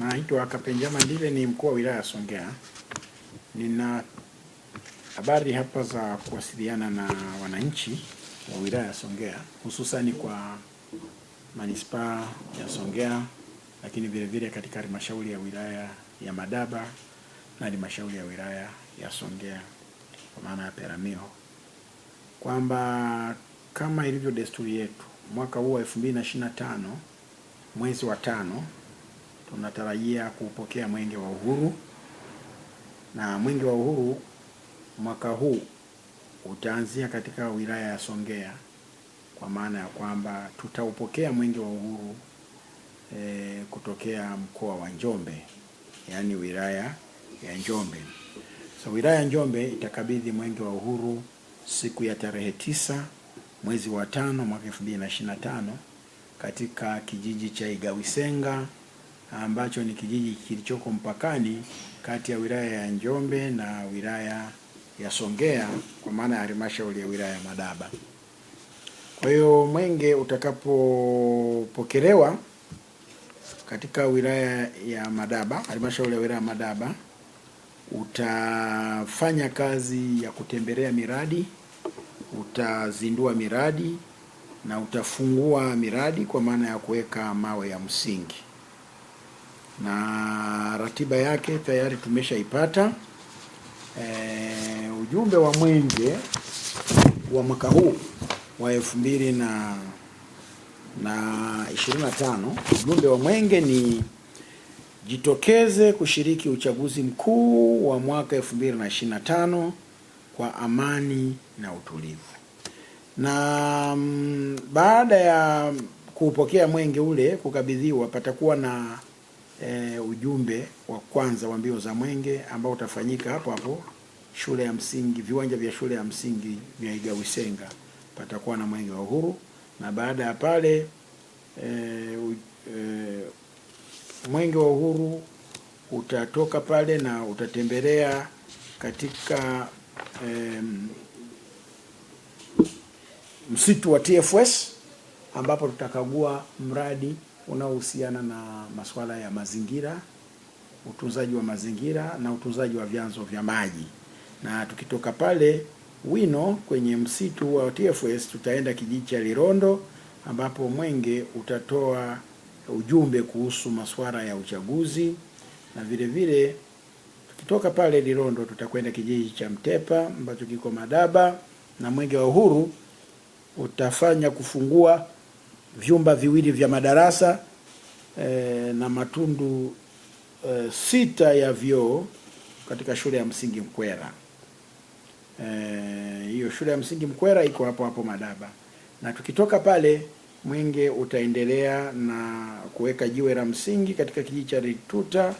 Naitwa Kapenja Mandile, ni mkuu wa wilaya ya Songea. Nina habari hapa za kuwasiliana na wananchi wa wilaya ya Songea, hususani kwa manispaa ya Songea, lakini vile vile katika halmashauri ya wilaya ya Madaba na halmashauri ya wilaya ya Songea kwa maana ya Peramiho, kwamba kama ilivyo desturi yetu mwaka huu wa 2025 mwezi wa tano tunatarajia kuupokea mwenge wa uhuru, na mwenge wa uhuru mwaka huu utaanzia katika wilaya ya Songea, kwa maana ya kwamba tutaupokea mwenge wa uhuru e, kutokea mkoa wa Njombe, yaani wilaya ya Njombe. So wilaya ya Njombe itakabidhi mwenge wa uhuru siku ya tarehe tisa mwezi wa tano mwaka 2025 katika kijiji cha Igawisenga ambacho ni kijiji kilichoko mpakani kati ya wilaya ya Njombe na wilaya ya Songea kwa maana ya halmashauri ya wilaya ya Madaba. Kwa hiyo mwenge utakapopokelewa katika wilaya ya Madaba, halmashauri ya wilaya ya Madaba, utafanya kazi ya kutembelea miradi, utazindua miradi na utafungua miradi kwa maana ya kuweka mawe ya msingi na ratiba yake tayari tumeshaipata. E, ujumbe wa Mwenge wa mwaka huu wa elfu mbili na na ujumbe wa Mwenge ni jitokeze kushiriki uchaguzi mkuu wa mwaka 2025 kwa amani na utulivu. Na m, mm, baada ya kupokea mwenge ule kukabidhiwa, patakuwa na e, ujumbe wa kwanza wa mbio za mwenge ambao utafanyika hapo hapo shule ya msingi, viwanja vya shule ya msingi vya Igawisenga patakuwa na mwenge wa uhuru, na baada ya pale e, e, mwenge wa uhuru utatoka pale na utatembelea katika e, msitu wa TFS ambapo tutakagua mradi unaohusiana na masuala ya mazingira, utunzaji wa mazingira na utunzaji wa vyanzo vya maji, na tukitoka pale Wino kwenye msitu wa TFS tutaenda kijiji cha Lirondo ambapo Mwenge utatoa ujumbe kuhusu masuala ya uchaguzi na vile vile tukitoka pale Lirondo tutakwenda kijiji cha Mtepa ambacho kiko Madaba, na Mwenge wa Uhuru utafanya kufungua vyumba viwili vya madarasa eh, na matundu eh, sita ya vyoo katika shule ya msingi Mkwera. Eh, hiyo eh, shule ya msingi Mkwera iko hapo hapo Madaba, na tukitoka pale Mwenge utaendelea na kuweka jiwe la msingi katika kijiji cha Rituta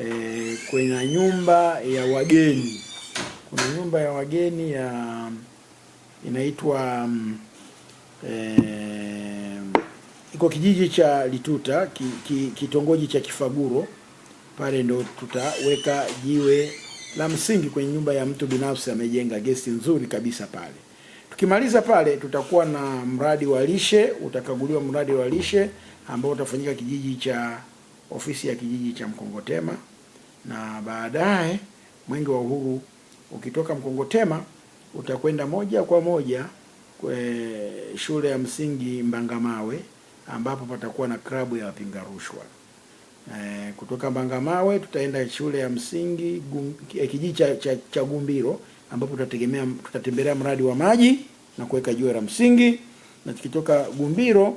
eh, kwenye nyumba ya wageni. Kuna nyumba ya wageni ya inaitwa mm, eh, iko kijiji cha Lituta ki, ki, kitongoji cha Kifaguro pale ndo tutaweka jiwe la msingi kwenye nyumba ya mtu binafsi amejenga gesti nzuri kabisa pale. Tukimaliza pale, tutakuwa na mradi wa lishe, utakaguliwa mradi wa lishe ambao utafanyika kijiji cha ofisi ya kijiji cha Mkongotema, na baadaye Mwenge wa Uhuru ukitoka Mkongotema utakwenda moja kwa moja kwe shule ya msingi Mbangamawe ambapo patakuwa na klabu ya wapinga rushwa. E, kutoka Mbangamawe tutaenda shule ya msingi eh, kijiji cha, cha, cha Gumbiro ambapo tutategemea tutatembelea mradi wa maji na kuweka jiwe la msingi, na tukitoka Gumbiro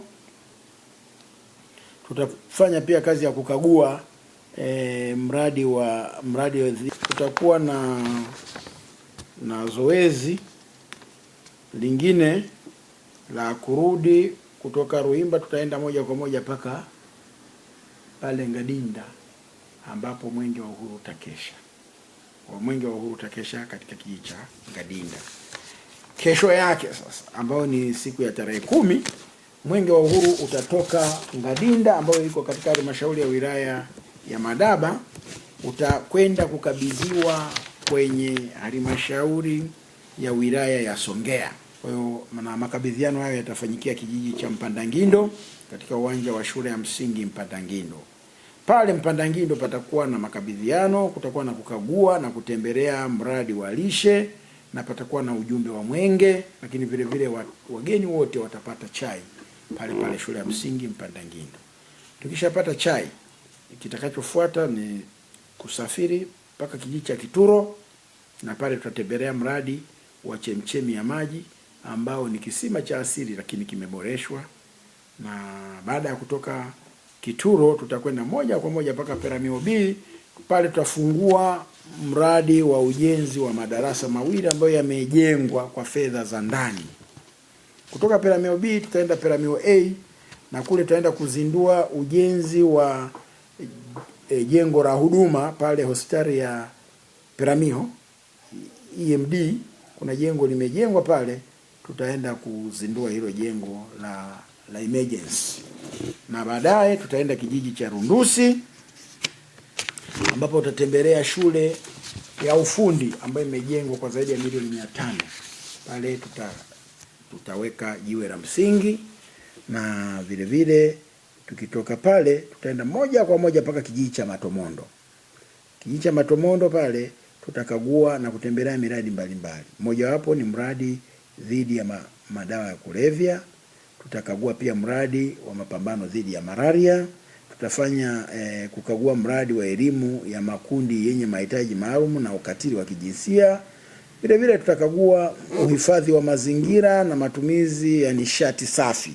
tutafanya pia kazi ya kukagua e, mradi wa mradi tutakuwa na na zoezi lingine la kurudi kutoka Ruhimba tutaenda moja kwa moja mpaka pale Ngadinda ambapo mwenge wa uhuru utakesha. Mwenge wa uhuru utakesha katika kijiji cha Ngadinda. Kesho yake sasa, ambayo ni siku ya tarehe kumi, mwenge wa uhuru utatoka Ngadinda ambayo iko katika halmashauri ya wilaya ya Madaba, utakwenda kukabidhiwa kwenye halmashauri ya wilaya ya Songea. Kwa hiyo na makabidhiano hayo yatafanyikia kijiji cha Mpandangindo katika uwanja wa shule ya msingi Mpandangindo. Pale Mpandangindo patakuwa na makabidhiano, kutakuwa na kukagua na kutembelea mradi wa lishe na patakuwa na ujumbe wa Mwenge, lakini vile vile wageni wote watapata chai pale pale shule ya msingi Mpandangindo. Tukishapata chai, kitakachofuata ni kusafiri mpaka kijiji cha Kituro na pale tutatembelea mradi wa chemchemi ya maji ambao ni kisima cha asili lakini kimeboreshwa, na baada ya kutoka Kituro tutakwenda moja kwa moja mpaka Peramiho B. Pale tutafungua mradi wa ujenzi wa madarasa mawili ambayo yamejengwa kwa fedha za ndani. Kutoka Peramiho B tutaenda Peramiho A na kule tutaenda kuzindua ujenzi wa e, jengo la huduma pale hospitali ya Peramiho EMD. Kuna jengo limejengwa pale tutaenda kuzindua hilo jengo la la emergency, na baadaye tutaenda kijiji cha Rundusi ambapo tutatembelea shule ya ufundi ambayo imejengwa kwa zaidi ya milioni mia tano. Pale tuta tutaweka jiwe la msingi na vile vile tukitoka pale tutaenda moja kwa moja mpaka kijiji cha Matomondo. Kijiji cha Matomondo pale tutakagua na kutembelea miradi mbalimbali, mojawapo ni mradi dhidi ya ma, madawa ya kulevya. Tutakagua pia mradi wa mapambano dhidi ya malaria. Tutafanya eh, kukagua mradi wa elimu ya makundi yenye mahitaji maalum na ukatili wa kijinsia. Vile vile tutakagua uhifadhi wa mazingira na matumizi ya nishati safi.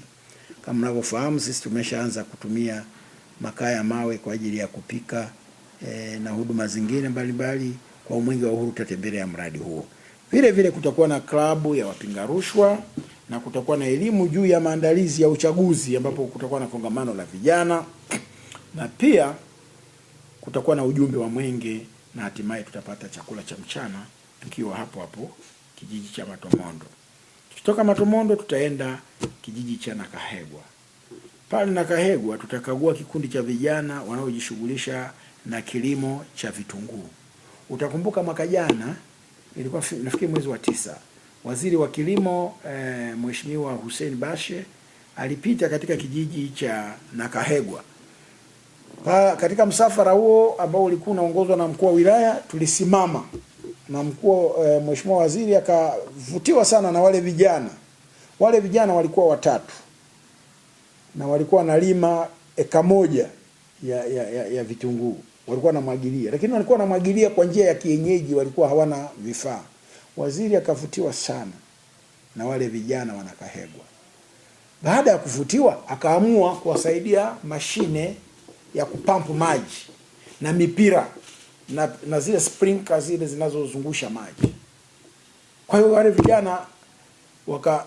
Kama mnavyofahamu, sisi tumeshaanza kutumia makaa ya mawe kwa ajili ya kupika eh, na huduma zingine mbalimbali. Kwa Mwenge wa Uhuru tutatembelea mradi huo. Vile vile kutakuwa na klabu ya wapinga rushwa na kutakuwa na elimu juu ya maandalizi ya uchaguzi ambapo kutakuwa na kongamano la vijana na pia kutakuwa na ujumbe wa Mwenge na hatimaye tutapata chakula cha mchana tukiwa hapo hapo kijiji cha Matomondo. Tukitoka Matomondo tutaenda kijiji cha Nakahegwa. Pale Nakahegwa tutakagua kikundi cha vijana wanaojishughulisha na kilimo cha vitunguu. Utakumbuka mwaka jana ilikuwa nafikiri mwezi wa tisa, waziri wa kilimo e, Mheshimiwa Hussein Bashe alipita katika kijiji cha Nakahegwa pa, katika msafara huo ambao ulikuwa unaongozwa na mkuu wa wilaya tulisimama na mkuu e, Mheshimiwa waziri akavutiwa sana na wale vijana. Wale vijana walikuwa watatu na walikuwa wanalima eka moja ya, ya, ya, ya vitunguu walikuwa wanamwagilia, lakini walikuwa wanamwagilia kwa njia ya kienyeji, walikuwa hawana vifaa. Waziri akavutiwa sana na wale vijana wanakahegwa. Baada ya kuvutiwa, akaamua kuwasaidia mashine ya kupampu maji na mipira na, na zile sprinkler zile zinazozungusha maji. Kwa hiyo wale vijana waka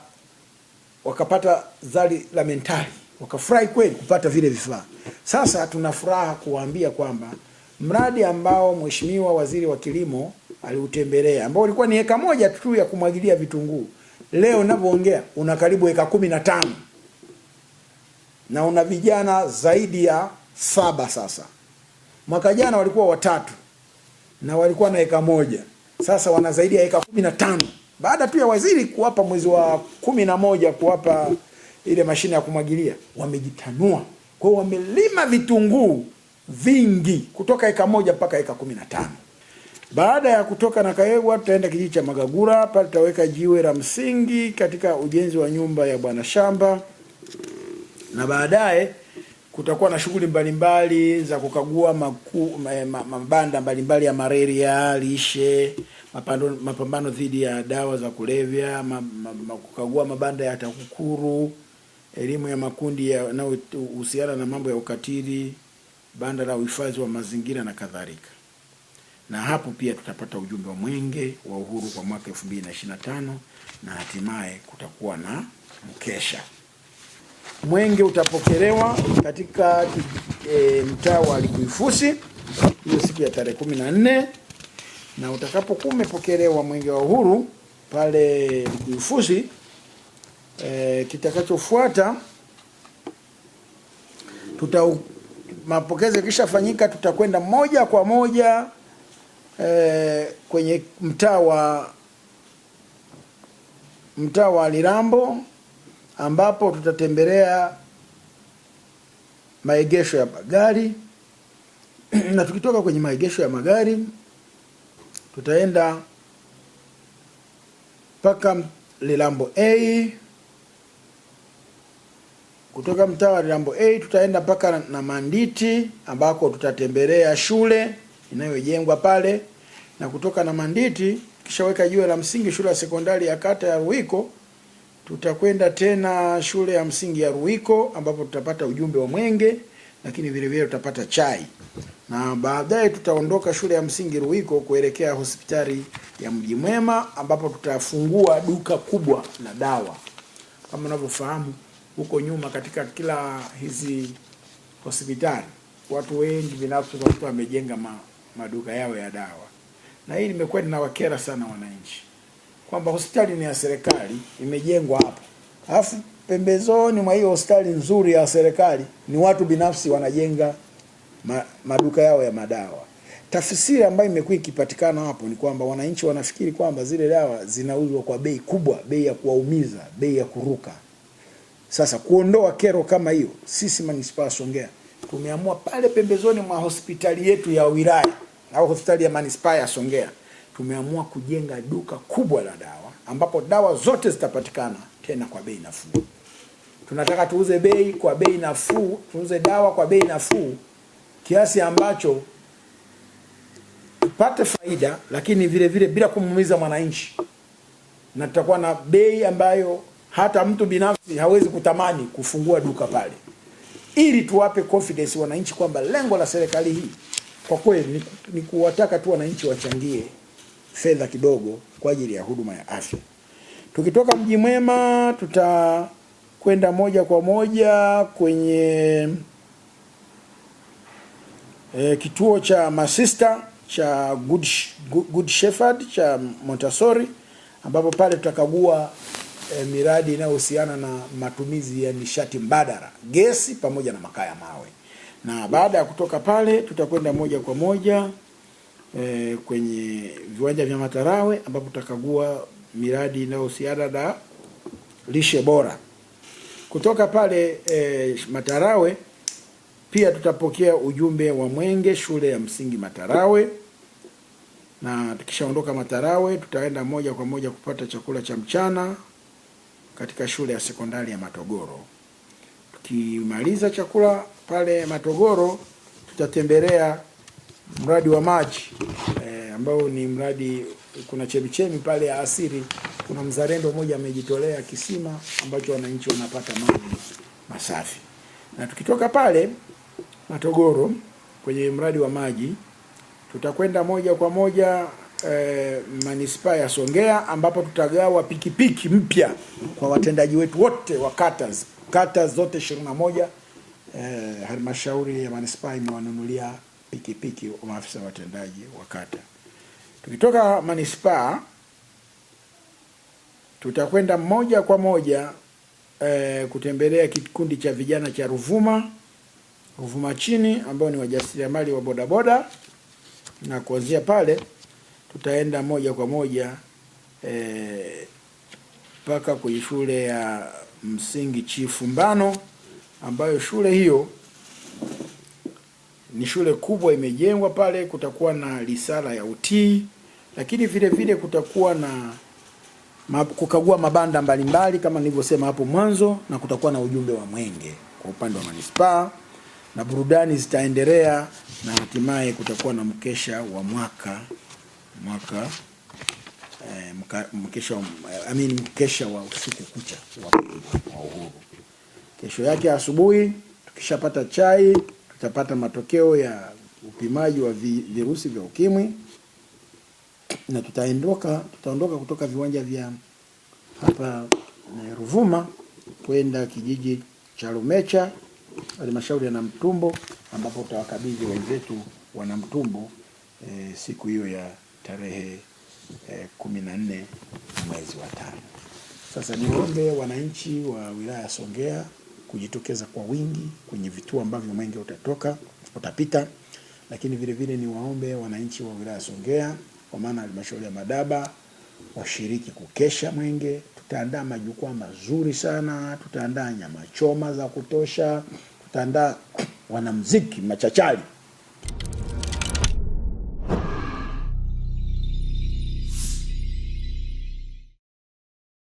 wakapata zali la mentali wakafurahi kweli kupata vile vifaa. Sasa tuna furaha kuwaambia kwamba mradi ambao Mheshimiwa Waziri wa Kilimo aliutembelea ambao ulikuwa ni eka moja tu ya kumwagilia vitunguu, leo ninavyoongea una karibu eka kumi na tano na una vijana zaidi ya saba. Sasa mwaka jana walikuwa watatu na walikuwa na eka moja, sasa wana zaidi ya eka kumi na tano baada tu ya waziri kuwapa mwezi wa kumi na moja kuwapa ile mashine ya kumwagilia wamejitanua. Kwa wamelima vitunguu vingi kutoka eka moja mpaka eka kumi na tano. Baada ya kutoka na Kaegwa, tutaenda kijiji cha Magagura, pale tutaweka jiwe la msingi katika ujenzi wa nyumba ya bwana shamba, na baadaye kutakuwa na shughuli mbalimbali za kukagua maku, ma, ma, mabanda mbalimbali ya malaria, lishe, mapambano dhidi ya dawa za kulevya, ma, ma, ma, kukagua mabanda ya TAKUKURU elimu ya makundi yanayohusiana na mambo ya ukatili, banda la uhifadhi wa mazingira na kadhalika. Na hapo pia tutapata ujumbe wa mwenge wa uhuru kwa mwaka 2025 na hatimaye kutakuwa na mkesha. Mwenge utapokelewa katika e, mtaa wa Likuifusi hiyo siku ya tarehe 14 na utakapokuwa umepokelewa mwenge wa uhuru pale Likuifusi e, kitakachofuata tuta mapokezi yakishafanyika tutakwenda moja kwa moja e, kwenye mtaa wa mtaa wa Lirambo ambapo tutatembelea maegesho ya magari na tukitoka kwenye maegesho ya magari tutaenda mpaka Lilambo A kutoka mtaa wa Rambo A tutaenda mpaka na Manditi ambako tutatembelea shule inayojengwa pale, na kutoka na Manditi kishaweka jiwe la msingi shule ya sekondari ya kata ya Ruiko, tutakwenda tena shule ya msingi ya Ruiko ambapo tutapata ujumbe wa mwenge, lakini vile vile tutapata chai na baadaye tutaondoka shule ya msingi Ruiko kuelekea hospitali ya Mji Mwema ambapo tutafungua duka kubwa la dawa kama unavyofahamu huko nyuma katika kila hizi hospitali watu wengi binafsi walikuwa wamejenga ma, maduka yao ya dawa, na hii nimekuwa ninawakera sana wananchi kwamba hospitali ni ya serikali imejengwa hapo, alafu pembezoni mwa hiyo hospitali nzuri ya serikali ni watu binafsi wanajenga ma, maduka yao ya madawa. Tafsiri ambayo imekuwa ikipatikana hapo ni kwamba wananchi wanafikiri kwamba zile dawa zinauzwa kwa bei kubwa, bei ya kuwaumiza, bei ya kuruka. Sasa kuondoa kero kama hiyo, sisi manispaa Songea tumeamua pale pembezoni mwa hospitali yetu ya wilaya au hospitali ya manispaa ya Songea tumeamua kujenga duka kubwa la dawa ambapo dawa zote zitapatikana tena kwa bei nafuu. Tunataka tuuze bei kwa bei nafuu, tuuze dawa kwa bei nafuu kiasi ambacho tupate faida, lakini vile vile bila kumuumiza mwananchi, na tutakuwa na bei ambayo hata mtu binafsi hawezi kutamani kufungua duka pale, ili tuwape confidence wananchi kwamba lengo la serikali hii kwa kweli ni, ni kuwataka tu wananchi wachangie fedha kidogo kwa ajili ya huduma ya afya. Tukitoka Mji Mwema tutakwenda moja kwa moja kwenye e, kituo cha masista cha Good, Good Shepherd cha Montessori ambapo pale tutakagua e, miradi inayohusiana na matumizi ya nishati mbadala, gesi pamoja na makaa ya mawe. Na baada ya kutoka pale tutakwenda moja kwa moja e, kwenye viwanja vya Matarawe ambapo tutakagua miradi inayohusiana na lishe bora. Kutoka pale e, Matarawe pia tutapokea ujumbe wa Mwenge shule ya msingi Matarawe, na tukishaondoka Matarawe tutaenda moja kwa moja kupata chakula cha mchana katika shule ya sekondari ya Matogoro. Tukimaliza chakula pale Matogoro, tutatembelea mradi wa maji e, ambao ni mradi, kuna chemichemi pale ya asili. Kuna mzalendo mmoja amejitolea kisima ambacho wananchi wanapata maji masafi, na tukitoka pale Matogoro kwenye mradi wa maji tutakwenda moja kwa moja eh, manispaa ya Songea ambapo tutagawa pikipiki mpya kwa watendaji wetu wote wa kata kata zote 21. moja. Eh, halmashauri ya manispaa imewanunulia pikipiki maafisa watendaji wa kata. Tukitoka manispaa tutakwenda moja kwa moja eh, kutembelea kikundi cha vijana cha Ruvuma Ruvuma chini ambao ni wajasiriamali wa bodaboda na kuanzia pale tutaenda moja kwa moja e, mpaka e, kwenye shule ya msingi Chifu Mbano, ambayo shule hiyo ni shule kubwa imejengwa pale. Kutakuwa na risala ya utii, lakini vile vile kutakuwa na kukagua mabanda mbalimbali mbali, kama nilivyosema hapo mwanzo, na kutakuwa na ujumbe wa mwenge kwa upande wa manispaa na burudani zitaendelea na hatimaye kutakuwa na mkesha wa mwaka mwaka eh, mkesha, I mean, mkesha wa usiku kucha wa uhuru. Kesho yake asubuhi tukishapata chai tutapata matokeo ya upimaji wa vi, virusi vya ukimwi na tutaondoka tutaondoka kutoka viwanja vya hapa eh, Ruvuma kwenda kijiji cha Lumecha halmashauri ya Namtumbo ambapo tutawakabidhi wenzetu wa Namtumbo e, siku hiyo ya tarehe eh, kumi na nne mwezi wa tano. Sasa mm-hmm. niombe wananchi wa wilaya ya Songea kujitokeza kwa wingi kwenye vituo ambavyo mwenge utatoka utapita, lakini vile vile niwaombe wananchi wa wilaya ya Songea kwa maana halmashauri ya Madaba washiriki kukesha mwenge. Tutaandaa majukwaa mazuri sana, tutaandaa nyama choma za kutosha, tutaandaa wanamziki machachari.